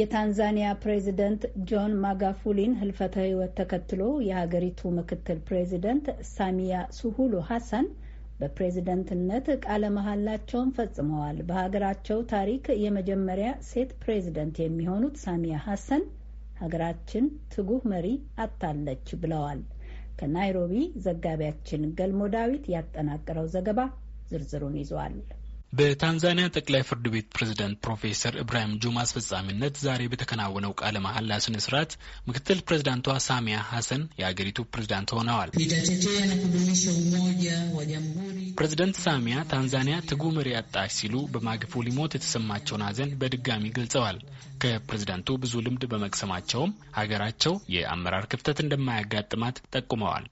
የታንዛኒያ ፕሬዚደንት ጆን ማጋፉሊን ህልፈተ ህይወት ተከትሎ የሀገሪቱ ምክትል ፕሬዚደንት ሳሚያ ሱሁሉ ሀሰን በፕሬዝደንትነት ቃለ መሐላቸውን ፈጽመዋል። በሀገራቸው ታሪክ የመጀመሪያ ሴት ፕሬዝደንት የሚሆኑት ሳሚያ ሀሰን ሀገራችን ትጉህ መሪ አጥታለች ብለዋል። ከናይሮቢ ዘጋቢያችን ገልሞ ዳዊት ያጠናቀረው ዘገባ ዝርዝሩን ይዟል። በታንዛኒያ ጠቅላይ ፍርድ ቤት ፕሬዝደንት ፕሮፌሰር ኢብራሂም ጁማ አስፈጻሚነት ዛሬ በተከናወነው ቃለ መሐላ ስነ ስርዓት ምክትል ፕሬዝዳንቷ ሳሚያ ሐሰን የአገሪቱ ፕሬዝዳንት ሆነዋል። ፕሬዝደንት ሳሚያ ታንዛኒያ ትጉ መሪ አጣች ሲሉ በማግፉ ሊሞት የተሰማቸውን ሐዘን በድጋሚ ገልጸዋል። ከፕሬዝዳንቱ ብዙ ልምድ በመቅሰማቸውም ሀገራቸው የአመራር ክፍተት እንደማያጋጥማት ጠቁመዋል።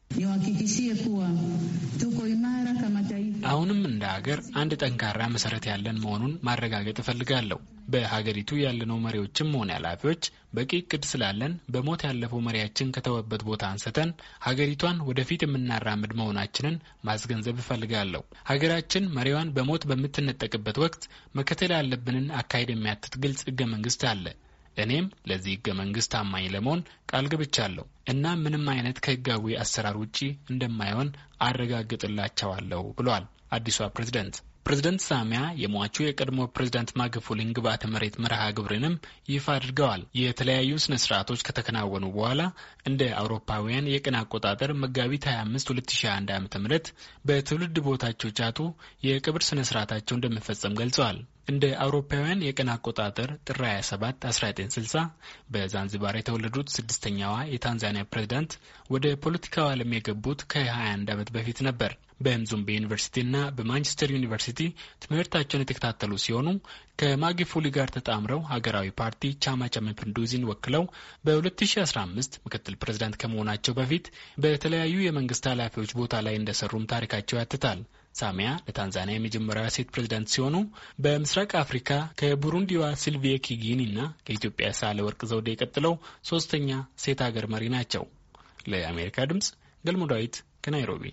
አሁንም እንደ ሀገር አንድ ጠንካራ መሰረት ያለን መሆኑን ማረጋገጥ እፈልጋለሁ። በሀገሪቱ ያለነው መሪዎችም ሆነ ኃላፊዎች በቂ እቅድ ስላለን በሞት ያለፈው መሪያችን ከተወበት ቦታ አንስተን ሀገሪቷን ወደፊት የምናራምድ መሆናችንን ማስገንዘብ እፈልጋለሁ። ሀገራችን መሪዋን በሞት በምትነጠቅበት ወቅት መከተል ያለብንን አካሄድ የሚያትት ግልጽ ህገ መንግስት አለ። እኔም ለዚህ ህገ መንግስት ታማኝ ለመሆን ቃል ገብቻለሁ እና ምንም አይነት ከህጋዊ አሰራር ውጪ እንደማይሆን አረጋግጥላቸዋለሁ ብሏል አዲሷ ፕሬዚደንት። ፕሬዝደንት ሳሚያ የሟቹ የቀድሞ ፕሬዝደንት ማጉፉሊን ግብዓተ መሬት መርሃ ግብርንም ይፋ አድርገዋል። የተለያዩ ስነ ስርዓቶች ከተከናወኑ በኋላ እንደ አውሮፓውያን የቀን አቆጣጠር መጋቢት 25 2021 ዓ ም በትውልድ ቦታቸው ቻቱ የቅብር ስነ ስርዓታቸው እንደሚፈጸም ገልጸዋል። እንደ አውሮፓውያን የቀን አቆጣጠር ጥር 27 1960 በዛንዚባር የተወለዱት ስድስተኛዋ የታንዛኒያ ፕሬዝዳንት ወደ ፖለቲካው ዓለም የገቡት ከ21 ዓመት በፊት ነበር። በምዙምቤ ዩኒቨርሲቲና በማንቸስተር ዩኒቨርሲቲ ትምህርታቸውን የተከታተሉ ሲሆኑ ከማጊፉሊ ጋር ተጣምረው ሀገራዊ ፓርቲ ቻማ ቻ ወክለው በ2015 ምክትል ፕሬዚዳንት ከመሆናቸው በፊት በተለያዩ የመንግስት ኃላፊዎች ቦታ ላይ እንደሰሩም ታሪካቸው ያትታል። ሳሚያ ለታንዛኒያ የመጀመሪያ ሴት ፕሬዚዳንት ሲሆኑ በምስራቅ አፍሪካ ከቡሩንዲዋ ሲልቪየ ኪጊኒና ከኢትዮጵያ ወርቅ ዘውዴ ቀጥለው ሶስተኛ ሴት ሀገር መሪ ናቸው። ለአሜሪካ ድምጽ ገልሞ ዳዊት ከናይሮቢ